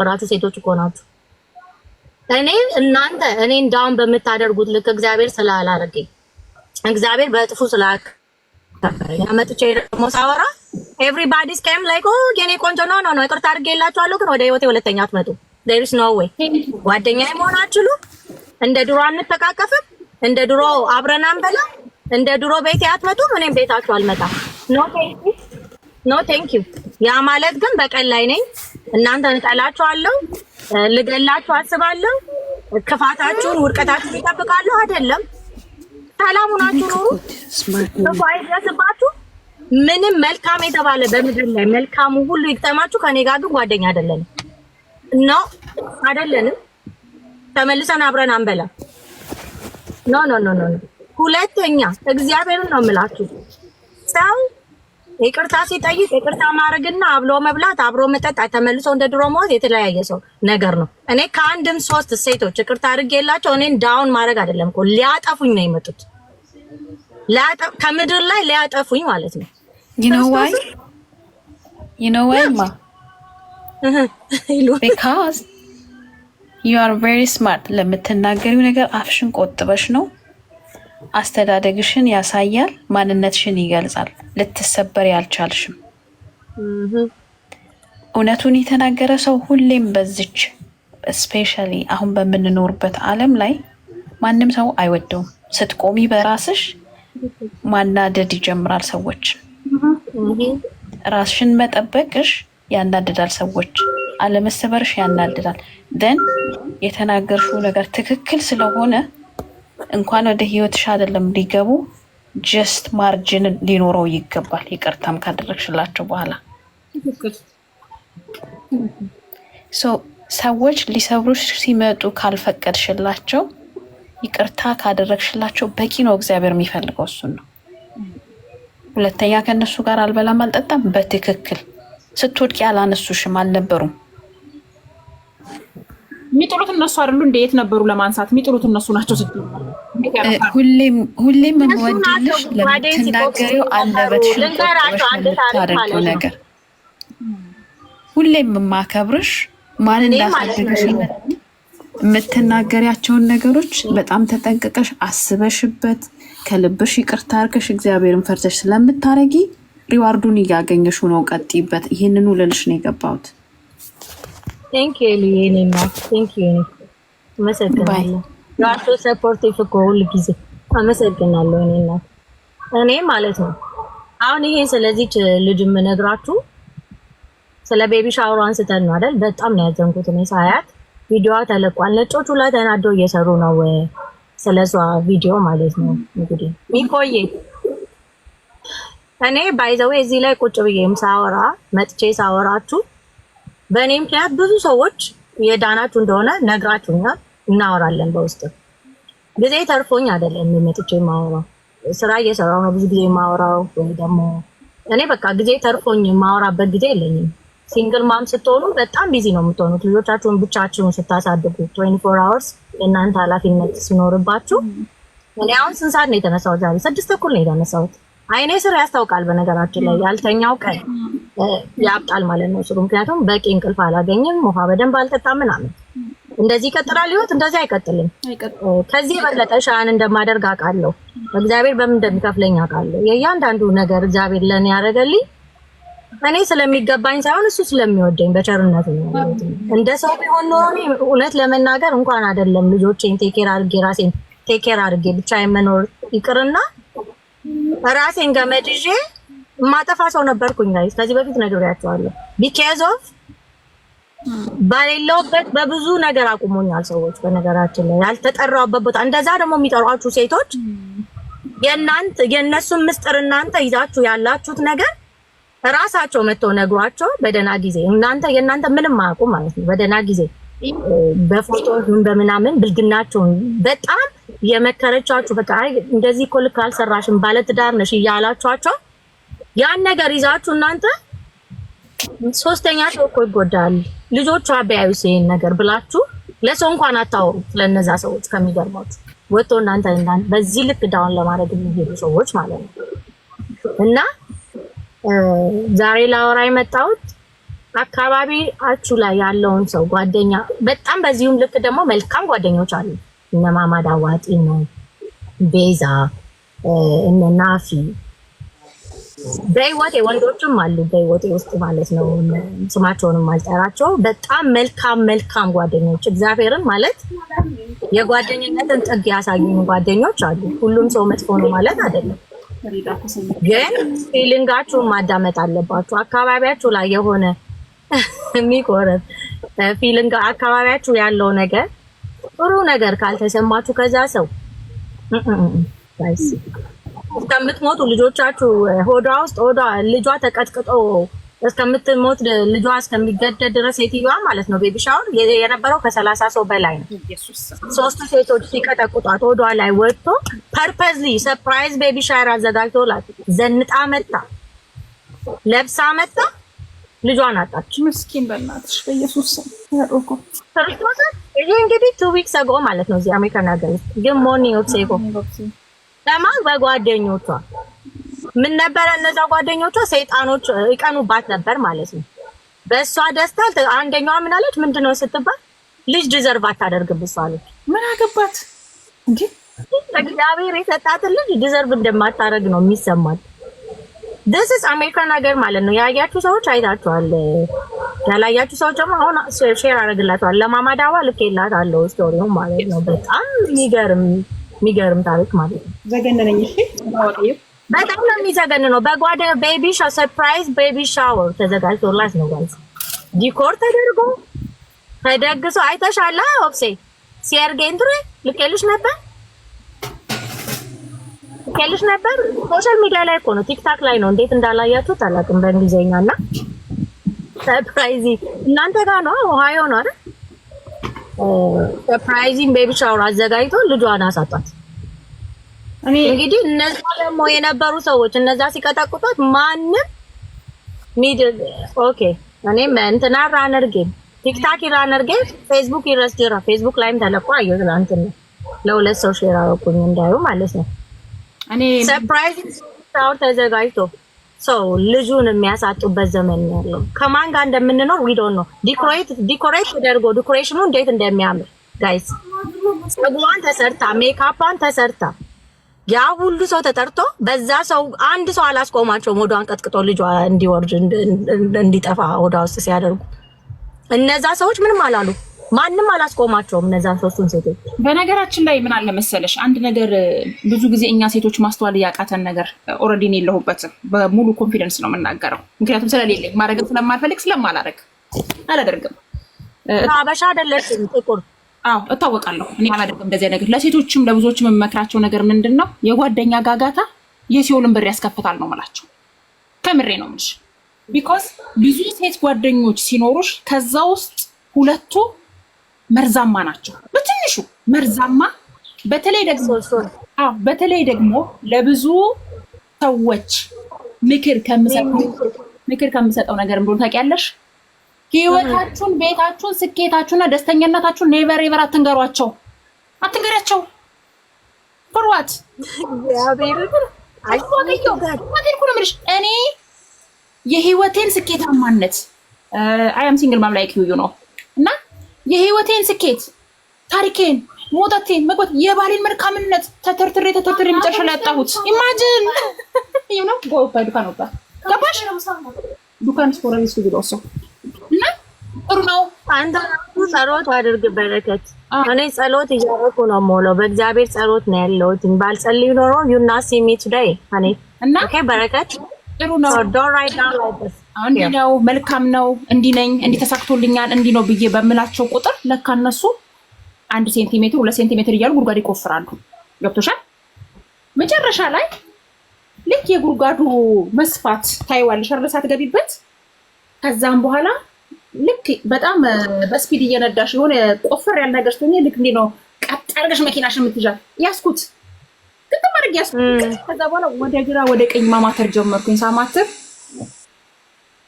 ብራት ሴቶች እኮ ናችሁ። እኔ እናንተ እኔ እንዳውም በምታደርጉት ልክ እግዚአብሔር ስላላረገኝ እግዚአብሔር በጥፉ ስላክ ያመጥቼ ደግሞ ሳወራ ኤቭሪባዲ ስኬም ላይ የኔ ቆንጆ ነው ነው ነው ይቅርታ አድርጌላችኋለሁ፣ ግን ወደ ህይወቴ ሁለተኛ አትመጡ። ኢዝ ኖ ዌይ ጓደኛ መሆን አችሉ። እንደ ድሮ አንተቃቀፍም፣ እንደ ድሮ አብረን አንበላም፣ እንደ ድሮ ቤቴ አትመጡም፣ እኔም ቤታችሁ አልመጣም። ኖ ቴንክ ዩ። ያ ማለት ግን በቀን ላይ ነኝ እናንተን እጠላችኋለሁ፣ ልገላችሁ አስባለሁ፣ ክፋታችሁን፣ ውድቀታችሁን ይጠብቃለሁ። አይደለም ሰላም ሆናችሁ ክፉ አይድረስባችሁ። ምንም መልካም የተባለ በምድር ላይ መልካሙ ሁሉ ይግጠማችሁ። ከኔ ጋር ግን ጓደኛ አይደለንም ኖ አይደለንም። ተመልሰን አብረን አንበላ። ኖ ኖ ኖ ኖ። ሁለተኛ እግዚአብሔርን ነው የምላችሁ ሰው ይቅርታ ሲጠይቅ ይቅርታ ማድረግና አብሎ መብላት አብሮ መጠጥ ተመልሶ እንደ ድሮ መሆን የተለያየ ሰው ነገር ነው። እኔ ከአንድም ሶስት ሴቶች ይቅርታ አድርጌ የላቸው እኔን ዳውን ማድረግ አይደለም እኮ ሊያጠፉኝ ነው የመጡት፣ ከምድር ላይ ሊያጠፉኝ ማለት ነው። ይነዋይ ይነዋይማ ቢካዝ ዩ አር ቬሪ ስማርት ለምትናገሪው ነገር አፍሽን ቆጥበሽ ነው አስተዳደግሽን ያሳያል፣ ማንነትሽን ይገልጻል። ልትሰበር ያልቻልሽም እውነቱን የተናገረ ሰው ሁሌም በዚች ስፔሻሊ አሁን በምንኖርበት ዓለም ላይ ማንም ሰው አይወደውም። ስትቆሚ በራስሽ ማናደድ ይጀምራል ሰዎች። ራስሽን መጠበቅሽ ያናድዳል ሰዎች፣ አለመሰበርሽ ያናድዳል። ደን የተናገርሽው ነገር ትክክል ስለሆነ እንኳን ወደ ህይወትሽ አይደለም ሊገቡ ጀስት ማርጅን ሊኖረው ይገባል። ይቅርታም ካደረግሽላቸው በኋላ ሰዎች ሊሰብሩሽ ሲመጡ ካልፈቀድሽላቸው ይቅርታ ካደረግሽላቸው በቂ ነው። እግዚአብሔር የሚፈልገው እሱን ነው። ሁለተኛ ከእነሱ ጋር አልበላም አልጠጣም። በትክክል ስትወድቅ ያላነሱሽም አልነበሩም። የሚጥሉት እነሱ አይደሉ? የት ነበሩ ለማንሳት የሚጥሉት እነሱ ናቸው። ሁሌም ሁሌም የምወድልሽ ለምትናገሪው አንደበትሽን ነገር ሁሌም የማከብርሽ ማን እንዳሳደግሽ የምትናገሪያቸውን ነገሮች በጣም ተጠንቅቀሽ አስበሽበት ከልብሽ ይቅርታ አድርገሽ እግዚአብሔርን ፈርተሽ ስለምታረጊ ሪዋርዱን እያገኘሽ ነው። ቀጥይበት። ይህንኑ ልልሽ ነው የገባሁት። ቴንክ ዩ የኔ እናት ቴንክ ዩ አመሰግናለሁ። ራሱ ሰፖርቲቭ እኮ ሁል ጊዜ አመሰግናለሁ የኔ እናት። እኔ ማለት ነው አሁን ይሄ ስለዚች ልጅ የምነግራችሁ ስለ ቤቢ ሻወር አንስተን ነው አይደል? በጣም ነው ያዘንኩት እኔ ሳያት። ቪዲዮዋ ተለቋል። ነጮቹ ላይ ተናደው እየሰሩ ነው ስለሷ ቪዲዮ ማለት ነው። እንግዲህ ሚቆይ እኔ ባይዘዌ እዚህ ላይ ቁጭ ብዬም ሳወራ መጥቼ ሳወራችሁ በእኔ ምክንያት ብዙ ሰዎች የዳናችሁ እንደሆነ ነግራችሁኛል። እናወራለን በውስጥ ጊዜ ተርፎኝ አይደለም የመጥቼ የማወራው ስራ እየሰራው ነው ብዙ ጊዜ የማወራው ወይ ደግሞ እኔ በቃ ጊዜ ተርፎኝ የማወራበት ጊዜ የለኝም። ሲንግል ማም ስትሆኑ በጣም ቢዚ ነው የምትሆኑት። ልጆቻችሁን ብቻችሁን ስታሳድጉ ትዌንቲ ፎር አወርስ የእናንተ ኃላፊነት ሲኖርባችሁ እኔ አሁን ስንት ሰዓት ነው የተነሳሁት? ዛሬ ስድስት እኩል ነው የተነሳሁት። አይኔ ስር ያስታውቃል። በነገራችን ላይ ያልተኛው ቀን ያብጣል ማለት ነው ስሩ። ምክንያቱም በቂ እንቅልፍ አላገኝም፣ ውሃ በደንብ አልጠጣም ምናምን። እንደዚህ ይቀጥላል ህይወት፣ እንደዚህ አይቀጥልም። ከዚህ የበለጠ ሻን እንደማደርግ አውቃለሁ። እግዚአብሔር በምን እንደሚከፍለኝ አውቃለሁ። የእያንዳንዱ ነገር እግዚአብሔር ለእኔ ያደረገልኝ እኔ ስለሚገባኝ ሳይሆን እሱ ስለሚወደኝ በቸርነት ነው። እንደ ሰው ቢሆን ኖሮ እውነት ለመናገር እንኳን አይደለም ልጆቼን ቴኬር አድርጌ ራሴን ቴኬር አድርጌ ብቻ የመኖር ይቅርና ራሴን ገመድ ይዤ ማጠፋ ሰው ነበርኩኝ። ጋይስ ከዚህ በፊት ነግሬያቸዋለሁ። ቢኬዝ ኦፍ በሌለውበት በብዙ ነገር አቁሞኛል ሰዎች። በነገራችን ላይ ያልተጠራበት ቦታ እንደዛ ደግሞ የሚጠሯችሁ ሴቶች የእናንተ የእነሱን ምስጢር እናንተ ይዛችሁ ያላችሁት ነገር ራሳቸው መጥተው ነግሯቸው በደህና ጊዜ እናንተ የእናንተ ምንም አያውቁም ማለት ነው። በደህና ጊዜ በፎቶ በምናምን ብልግናቸውን በጣም የመከረቻችሁ በቃ አይ እንደዚህ እኮ ልክ አልሰራሽም ባለትዳር ነሽ እያላችኋቸው ያን ነገር ይዛችሁ እናንተ ሶስተኛ ሰው እኮ ይጎዳል፣ ልጆቹ አበያዩስ ይሄን ነገር ብላችሁ ለሰው እንኳን አታወሩ። ለነዛ ሰዎች ከሚገርማችሁ ወጥቶ እናንተ በዚህ ልክ ዳውን ለማድረግ የሚሄዱ ሰዎች ማለት ነው። እና ዛሬ ላወራ የመጣሁት አካባቢያችሁ ላይ ያለውን ሰው ጓደኛ፣ በጣም በዚሁም ልክ ደግሞ መልካም ጓደኞች አሉ። እነ ማማድ አዋጢ ነው ቤዛ፣ እነ ናፊ በህይወቴ ወንዶችም አሉ በህይወቴ ውስጥ ማለት ነው። ስማቸውንም አልጠራቸው። በጣም መልካም መልካም ጓደኞች እግዚአብሔርን ማለት የጓደኝነትን ጥግ ያሳዩ ጓደኞች አሉ። ሁሉም ሰው መጥፎ ነው ማለት አይደለም። ግን ፊሊንጋችሁን ማዳመጥ አለባችሁ። አካባቢያችሁ ላይ የሆነ የሚቆረብ ፊሊንግ አካባቢያችሁ ያለው ነገር ጥሩ ነገር ካልተሰማችሁ ከዛ ሰው እስከምትሞቱ ልጆቻችሁ ሆዷ ውስጥ ሆዷ ልጇ ተቀጥቅጦ እስከምትሞት ልጇ እስከሚገደል ድረስ ሴትዮዋ ማለት ነው። ቤቢ ሻወር የነበረው ከሰላሳ ሰው በላይ ነው። ሶስቱ ሴቶች ሲቀጠቁጧት ሆዷ ላይ ወጥቶ ፐርፐዝሊ ሰርፕራይዝ ቤቢ ሻወር አዘጋጅቶላት ዘንጣ መጣ፣ ለብሳ መጣ፣ ልጇን አጣች። ምስኪን በእናትሽ በኢየሱስ ክርስቶስ። ይህ እንግዲህ ቱ ዊክስ አጎ ማለት ነው እዚህ አሜሪካን ሀገር ግን ሞኒ ኦፍ ሴጎ ለማን በጓደኞቿ ምን ነበረ? እነዛ ጓደኞቿ ሰይጣኖች ይቀኑባት ነበር ማለት ነው። በእሷ ደስታ አንደኛዋ ምን አለች? ምንድነው ስትባል ልጅ ዲዘርቭ አታደርግም እሷ አለች። ምን አገባት እንዴ? እግዚአብሔር የሰጣትን ልጅ ዲዘርቭ እንደማታደርግ ነው የሚሰማት። this is አሜሪካን ሀገር ማለት ነው። ያያችሁ ሰዎች አይታችኋል። ያላያችሁ ሰዎች ደግሞ አሁን ሼር አደርግላችኋል። ለማማዳዋ ልኬላታለሁ ስቶሪውን ማለት ነው። በጣም የሚገርም የሚገርም ታሪክ ማለት ነው። ዘገነነኝ። እሺ በጣም ነው የሚዘገንነው። በጓደ ቤቢ ሻወር ሰርፕራይዝ ቤቢ ሻወር ተዘጋጅቶላት ነው ጋይስ፣ ዲኮር ተደርጎ ተደግሶ አይተሻላ። ኦፕሴ ሲያርጌንትሪ ልኬልሽ ነበር ልኬልሽ ነበር። ሶሻል ሚዲያ ላይ እኮ ነው፣ ቲክታክ ላይ ነው። እንዴት እንዳላያችሁት አላውቅም። በእንግሊዝኛ እና ሰርፕራይዚ እናንተ ጋር ነው፣ ኦሃዮ ነው አይደል? ሰርፕራይዚንግ ቤቢ ሻወር አዘጋጅቶ ልጇን አሳጧት። እንግዲህ እነዛ ደግሞ የነበሩ ሰዎች እነዛ ሲቀጠቅጧት ማንም ሚድል ኦኬ እኔም እንትና ራነርጌም ቲክታክ ራነርጌም ፌስቡክ ይረስጀራ ፌስቡክ ላይም ተለቆ አየ ትናንት ነው። ለሁለት ሰው ሼር አደረኩኝ እንዳዩ ማለት ነው። እኔ ሰርፕራይዚንግ ሻወር ተዘጋጅቶ ሰው ልጁን የሚያሳጡበት ዘመን ነው ያለው። ከማን ጋር እንደምንኖር ዊዶን ነው። ዲኮሬት ዲኮሬት ተደርጎ ዲኮሬሽኑ እንዴት እንደሚያምር ጋይስ፣ ጸጉሯን ተሰርታ ሜካፓን ተሰርታ ያ ሁሉ ሰው ተጠርቶ በዛ ሰው አንድ ሰው አላስቆማቸውም ወዷን ቀጥቅጦ ልጇ እንዲወርድ እንዲጠፋ ወዷ ውስጥ ሲያደርጉ እነዛ ሰዎች ምንም አላሉ። ማንም አላስቆማቸውም እነዛን ሶስቱን ሴቶች። በነገራችን ላይ ምን አለ መሰለሽ አንድ ነገር ብዙ ጊዜ እኛ ሴቶች ማስተዋል ያቃተን ነገር ኦልሬዲ እኔ የለሁበትም። በሙሉ ኮንፊደንስ ነው የምናገረው፣ ምክንያቱም ስለሌለኝ ማድረግም ስለማልፈልግ ስለማላረግ አላደርግም። አበሻ አይደለሽም ጥቁር አዎ እታወቃለሁ። እኔ አላደርግም እንደዚያ ነገር። ለሴቶችም ለብዙዎችም የምመክራቸው ነገር ምንድን ነው የጓደኛ ጋጋታ የሲኦልን በር ያስከፍታል ነው የምላቸው። ከምሬ ነው የምልሽ። ቢኮዝ ብዙ ሴት ጓደኞች ሲኖሩሽ ከዛ ውስጥ ሁለቱ መርዛማ ናቸው። በትንሹ መርዛማ በተለይ ደግሞ በተለይ ደግሞ ለብዙ ሰዎች ምክር ከምሰጠው ነገር እንደሆነ ታውቂያለሽ። ህይወታችሁን፣ ቤታችሁን፣ ስኬታችሁና ደስተኛነታችሁን ኔቨር ኤቨር አትንገሯቸው፣ አትንገሪያቸው። ፍሯት እኔ የህይወቴን ስኬታማነት አይ አም ሲንግል ማም ላይክ ዩ ነው እና የህይወቴን ስኬት ታሪኬን ሞታቴን መግባት የባሌን መልካምነት ተተርትሬ ተተርትሬ መጨረሻ ላይ ያጣሁት ኢማጅን ነው። ጎባ ዱካን ወጣ ገባሽ ዱካን ስፖረሊስ ብሎ ሰው እና ጥሩ ነው። አንተ ጸሎት አድርግ በረከት። እኔ ጸሎት እያረኩ ነው የምውለው። በእግዚአብሔር ጸሎት ነው ያለሁት። ባልጸልይ ኖሮ ዩና ሲሚ ቱዴይ እኔ እና በረከት ጥሩ ነው ዶን ራይት ዳውን ላይክ እንዲህ ነው፣ መልካም ነው፣ እንዲህ ነኝ፣ እንዲህ ተሳክቶልኛል፣ እንዲህ ነው ብዬ በምላቸው ቁጥር ለካ እነሱ አንድ ሴንቲሜትር ሁለት ሴንቲሜትር እያሉ ጉድጓድ ይቆፍራሉ። ገብቶሻል? መጨረሻ ላይ ልክ የጉድጓዱ መስፋት ታይዋለሽ አይደል? ሳትገቢበት ከዛም በኋላ ልክ በጣም በስፒድ እየነዳሽ የሆነ ቆፈር ያለ ነገር ስትሆኚ ልክ እንዲህ ነው ቀጥ አድርገሽ መኪናሽን የምትይዣት ያስኩት ግጥም አድርጌ ያስኩት። ከዛ በኋላ ወደ ግራ ወደ ቀኝ ማማተር ጀመርኩኝ። ሳማትር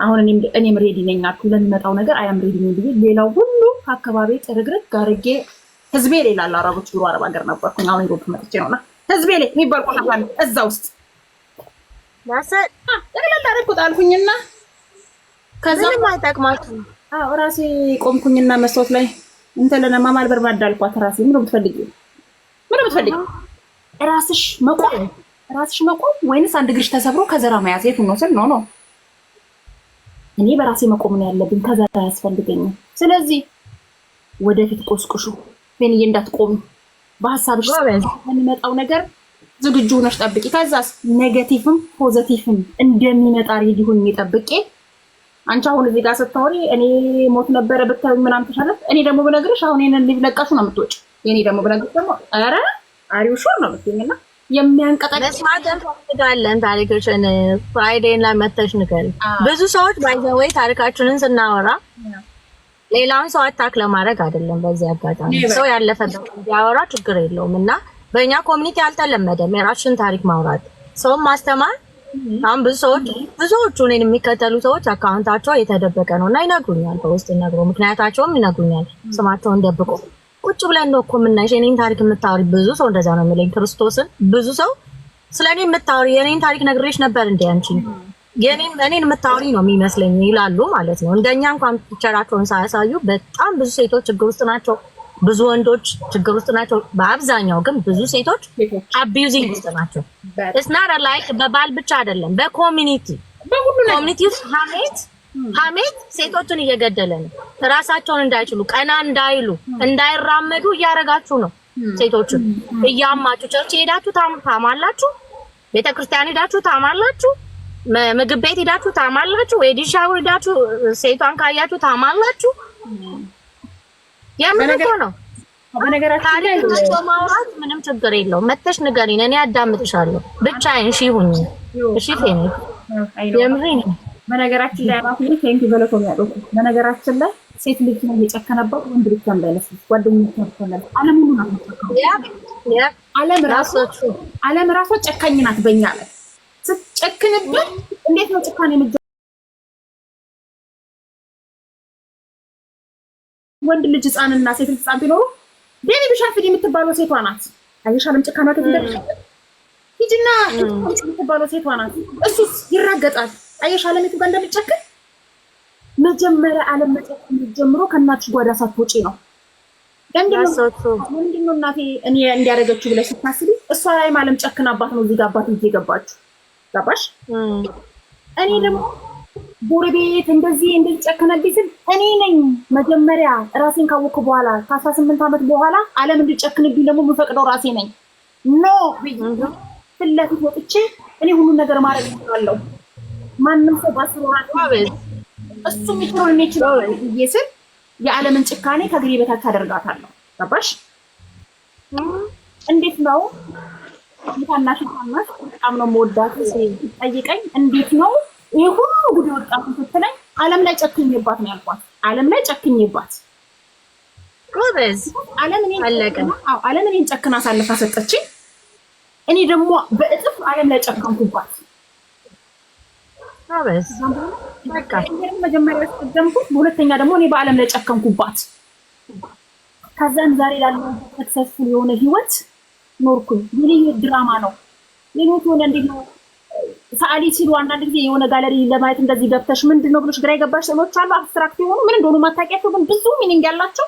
አሁን እኔም ሬዲ ነኝ አልኩ ለሚመጣው ነገር አያም ሬዲ ነኝ ብዬ ሌላው ሁሉ አካባቢ ጥርግርግ ጋርጌ ህዝቤ ሌላ አረቦች ብሎ አረብ ሀገር ነበርኩኝ። አሁን ሮብ መጥቼ ነውና ህዝቤ ላይ የሚባል ቆሻሻ እዛ ውስጥ ጠቅላላ ረግኩት አልኩኝና ከዛ አይጠቅማችሁ ራሴ ቆምኩኝና መስታወት ላይ ለነማ ማልበር ባዳልኳት ራሴ ምን ብትፈልጊ ምን ብትፈልጊ ራስሽ መቆም ራስሽ መቆም ወይንስ አንድ እግርሽ ተሰብሮ ከዘራ መያዝ የቱን ነው ስል ነው ነው እኔ በራሴ መቆም ነው ያለብኝ። ከዛ አያስፈልገኝም። ስለዚህ ወደፊት ቆስቁሹ ፌንዬ፣ እንዳትቆሙ በሀሳብሽ የሚመጣው ነገር ዝግጁ ሆነሽ ጠብቂ። ከዛስ ኔጌቲቭም ፖዘቲቭም እንደሚመጣ ሬዲ ሆኜ ጠብቄ አንቺ አሁን እዚህ ጋር ስታወሪ እኔ ሞት ነበረ ብታዪው ምናምን ተሻለ። እኔ ደግሞ ብነግርሽ አሁን ይሄንን ሊብለቃሹ ነው የምትወጪው። የኔ ደግሞ ብነግርሽ ደግሞ ኧረ አሪው ሹር ነው የምትይኝና የሚያንቀጠቅጥ መስማትንፈልጋለን። ፍራይዴን ላይ መተሽ ንገሪ። ብዙ ሰዎች ባይዘወይ ታሪካችንን ስናወራ ሌላውን ሰው አታክ ለማድረግ አይደለም። በዚህ አጋጣሚ ሰው ያለፈበት እንዲያወራ ችግር የለውም እና በእኛ ኮሚኒቲ አልተለመደም የራስሽን ታሪክ ማውራት፣ ሰውም ማስተማር። አሁን ብዙ ሰዎች ብዙዎቹ እኔን የሚከተሉ ሰዎች አካውንታቸው የተደበቀ ነው እና ይነግሩኛል፣ በውስጥ ይነግሩ ምክንያታቸውም ይነግሩኛል ስማቸውን ደብቆ ቁጭ ብለን ነው እኮ የምናይሽ። የኔን ታሪክ የምታወሪ ብዙ ሰው እንደዛ ነው የሚለኝ። ክርስቶስን ብዙ ሰው ስለ እኔ የምታወሪ የኔን ታሪክ ነግሬሽ ነበር እንዴ አንቺ የኔን እኔን የምታወሪ ነው የሚመስለኝ ይላሉ ማለት ነው። እንደኛ እንኳን ፒክቸራቸውን ሳያሳዩ በጣም ብዙ ሴቶች ችግር ውስጥ ናቸው። ብዙ ወንዶች ችግር ውስጥ ናቸው። በአብዛኛው ግን ብዙ ሴቶች አቢዩዚንግ ውስጥ ናቸው። እስናረ ላይክ በባል ብቻ አይደለም፣ በኮሚኒቲ ኮሚኒቲ ውስጥ ሀሜት ሀሜት ሴቶችን እየገደለ ነው። ራሳቸውን እንዳይችሉ ቀና እንዳይሉ እንዳይራመዱ እያደረጋችሁ ነው። ሴቶችን እያማችሁ ቸርች ሄዳችሁ ታማላችሁ፣ ቤተክርስቲያን ሄዳችሁ ታማላችሁ፣ ምግብ ቤት ሄዳችሁ ታማላችሁ፣ ወዲሻ ሄዳችሁ ሴቷን ካያችሁ ታማላችሁ። የምንቶ ነው ታሪክ ማውራት ምንም ችግር የለው። መተሽ ንገሪን፣ እኔ አዳምጥሻለሁ። ብቻዬን ሺ ሁኝ። እሺ ቴኔ የምሪ በነገራችን ላይ አራት ልጅ ቴንክ በለቶ ያሉት በነገራችን ላይ ሴት ልጅ ነው የጨከነባት፣ ወንድ ልጅ ነው ያለስ ጓደኞች ነው ተነለ ዓለም ሁሉ ናት ተከው ያ ያ ዓለም ራሷ ዓለም ራሷ ጨካኝ ናት። በእኛ ላይ ስትጨክንበት እንዴት ነው ጭካኔ የምጀ ወንድ ልጅ ህፃንና ሴት ልጅ ህፃን ቢኖሩ ደኒ ብሻፍድ የምትባለው ሴቷ ናት። አየሽ ለም ጭካኔ ተደረገ። ሂጂና የምትባለው ሴቷ ናት። እሱስ ይራገጣል አየሽ አለሚቱ ጋር እንደምጨክል መጀመሪያ አለም መጨከን ጀምሮ ከእናትሽ ጓዳ ሳትወጪ ነው። ምንድነው እናቴ እኔ እንዲያደረገችው ብለሽ ስታስቢ እሷ ላይ አለም ጨክን አባት ነው እዚህ ጋ አባት ይዤ ገባችሁ ገባሽ። እኔ ደግሞ ጎረቤት እንደዚህ እንደዚህ ጨከነብኝ ስል እኔ ነኝ መጀመሪያ ራሴን ካወቅኩ በኋላ ከአስራ ስምንት ዓመት በኋላ አለም እንድጨክንብኝ ደግሞ የምፈቅደው ራሴ ነኝ። ኖ ፊት ለፊት ወጥቼ እኔ ሁሉን ነገር ማድረግ እችላለሁ። ማንም ሰው በአስር ወራት እሱ የሚችለው የሚችለው ብዬ ስል የዓለምን ጭካኔ ከግሬ በታች አደርጋታለሁ። ገባሽ? እንዴት ነው ታናሽ ታናሽ በጣም ነው የምወዳት። ጠይቀኝ እንዴት ነው ይህ ሁሉ ጉድ ወጣቱ ስትለኝ ዓለም ላይ ጨክኝባት ነው ያልኳት። ዓለም ላይ ጨክኝባት ጎበዝ ዓለም እኔን ጨክና አሳልፋ ሰጠችኝ። እኔ ደግሞ በእጥፍ ዓለም ላይ ጨከንኩባት። አበስ መጀመሪያ ያስቀደምኩት፣ በሁለተኛ ደግሞ እኔ በአለም ላይ ጨከንኩባት ከዛም ዛሬ ላለው ሰክሰስፉል የሆነ ህይወት ኖርኩኝ። የኔ ድራማ ነው። ሌሎት ሆነ እንዴት ነው ሰዓሊ ሲሉ አንዳንድ ጊዜ የሆነ ጋለሪ ለማየት እንደዚህ ገብተሽ ምንድን ነው ብሎሽ ግራ የገባሽ ስዕሎች አሉ። አብስትራክት የሆኑ ምን እንደሆኑ ማታውቂያቸው ግን ብዙ ሚኒንግ ያላቸው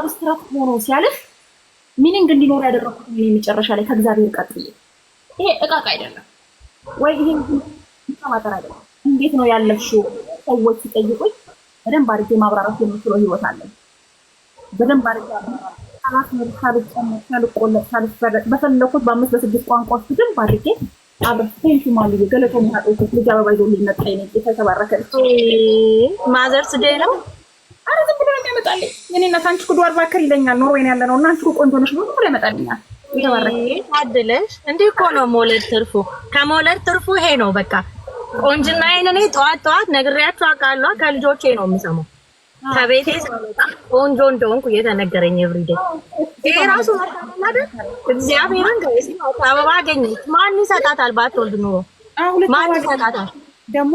አብስትራክት ሆኖ ሲያልፍ ሚኒንግ እንዲኖር ያደረኩት መጨረሻ ላይ ከእግዚአብሔር ቀጥዬ ይሄ እቃቃ አይደለም ወይ ይሄ ማጠር አይደለም። እንዴት ነው ያለሽው? ሰዎች ሲጠይቁኝ በደንብ አድርጌ ማብራራት የምችለው ህይወት አለኝ። በደንብ አድርጌ አራት ነው ሳልጨምር ሳልቆለጥ ሳልፈረጥ በፈለኩት በአምስት በስድስት ቋንቋ በደንብ አድርጌ አብረን ማሉ ገለቶ ማጣውት ልጅ አበባ ይዞ ሊመጣ ይነ የተባረከ ማዘርስ ዴይ ነው። አረ ዝም ብሎ ነው እኔ እናት አንቺ ኩዱ አርባከር ይለኛል። ኖርዌይ ነው ያለነው እና አንቺ ቆንጆ ነሽ ብሎ ያመጣልኛል። የተባረከ ታድለሽ። እንዲህ እኮ ነው መውለድ ትርፉ። ከመውለድ ትርፉ ይሄ ነው በቃ ቆንጅና ይሄን እኔ ጠዋት ጠዋት ነግሬያችሁ አውቃለሁ። ከልጆቼ ነው የምሰማው። ከቤቴ ሳመጣ ቆንጆ እንደሆንኩ እየተነገረኝ ኤቭሪዴ። ይሄ ራሱ እግዚአብሔርን ከዚህ አበባ አገኘች። ማን ይሰጣታል? ባትወልድ ኑሮ ማን ይሰጣታል? ደግሞ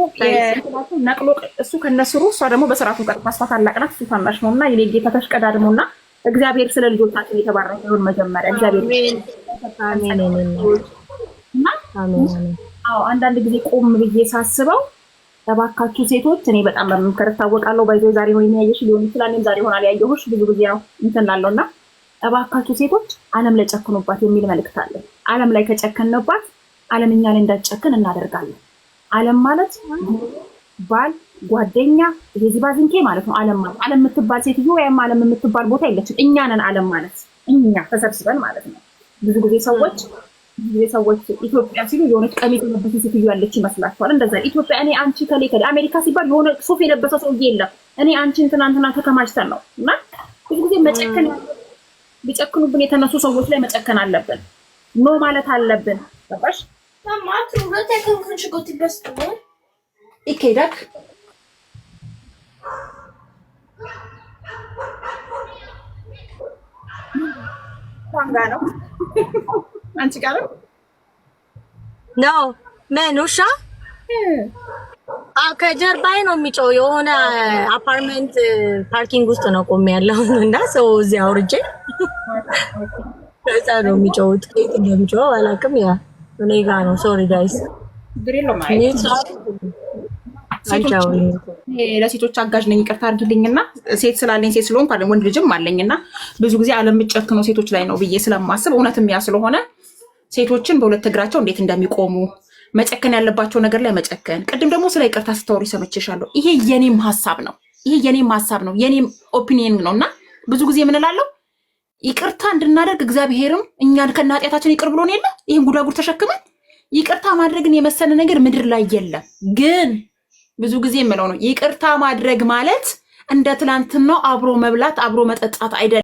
ነቅሎ እሱ ከነሱ እሷ ደግሞ በስርዓቱ ቀጥታ እሷ ታላቅ ናት፣ እሱ ታናሽ ነው እና የኔ ጌታ ተሽቀዳድሞ እና እግዚአብሔር ስለ ልጆቻችን የተባረከ ይሁን። መጀመሪያ እግዚአብሔር እና አዎ አንዳንድ ጊዜ ቆም ብዬ ሳስበው እባካችሁ ሴቶች፣ እኔ በጣም በመምከር እታወቃለሁ። በይዞ ዛሬ ሆ የሚያየሽ ሊሆን ይችላል። እኔም ዛሬ ሆና ያየሁሽ ብዙ ጊዜ ነው እንትን ላለው እና እባካችሁ ሴቶች ዓለም ላይ ጨክኑባት የሚል መልእክት አለ። ዓለም ላይ ከጨከንባት ዓለም እኛ ላይ እንዳጨክን እናደርጋለን። ዓለም ማለት ባል፣ ጓደኛ፣ የዚባዝንኬ ማለት ነው። ዓለም ማለት ዓለም የምትባል ሴትዮ ወይም ዓለም የምትባል ቦታ የለችም። እኛ ነን ዓለም ማለት እኛ ተሰብስበን ማለት ነው። ብዙ ጊዜ ሰዎች የሰዎች ኢትዮጵያ ሲሉ የሆነች ቀሚስ የለበሰ ሴትዮ ያለች ይመስላችኋል? እንደዛ ኢትዮጵያ እኔ አንቺ ከሌ ከሌ አሜሪካ ሲባል የሆነ ሱፍ የለበሰ ሰውዬ የለም። እኔ አንቺን ትናንትና ተከማችተን ነው እና ብዙ ጊዜ መጨከን ሊጨክኑብን የተነሱ ሰዎች ላይ መጨከን አለብን። ኖ ማለት አለብን። ገባሽ? ይኬዳክ ዋንጋ ነው አንቺ ጋርም ነው ምን ውሻ ከጀርባዬ ነው የሚጮው። የሆነ አፓርትመንት ፓርኪንግ ውስጥ ነው ቆሜ ያለው እና ሰው እዚያ አውርጄ ከዛ ነው የሚጮው። ጥቂት እንደሚጮው አላውቅም። ያ እኔ ጋ ነው። ሶሪ ጋይስ። ለሴቶች አጋዥ ነኝ፣ ይቅርታ አድርግልኝና ሴት ስላለኝ ሴት ስለሆንኩ ወንድ ልጅም አለኝና ብዙ ጊዜ አለምጨክ ነው ሴቶች ላይ ነው ብዬ ስለማስብ እውነትም ያ ስለሆነ ሴቶችን በሁለት እግራቸው እንዴት እንደሚቆሙ መጨከን ያለባቸው ነገር ላይ መጨከን። ቅድም ደግሞ ስለ ይቅርታ ስታወሪ ሰምቼሻለሁ። ይሄ የኔም ሀሳብ ነው፣ ይሄ የኔም ሀሳብ ነው፣ የኔም ኦፒኒየን ነው እና ብዙ ጊዜ የምንላለው ይቅርታ እንድናደርግ እግዚአብሔርም እኛን ከና ኃጢአታችን ይቅር ብሎን የለ ይህን ጉዳጉር ተሸክመን ይቅርታ ማድረግን የመሰለ ነገር ምድር ላይ የለም። ግን ብዙ ጊዜ የምለው ነው ይቅርታ ማድረግ ማለት እንደ ትላንትናው አብሮ መብላት አብሮ መጠጣት አይደለም።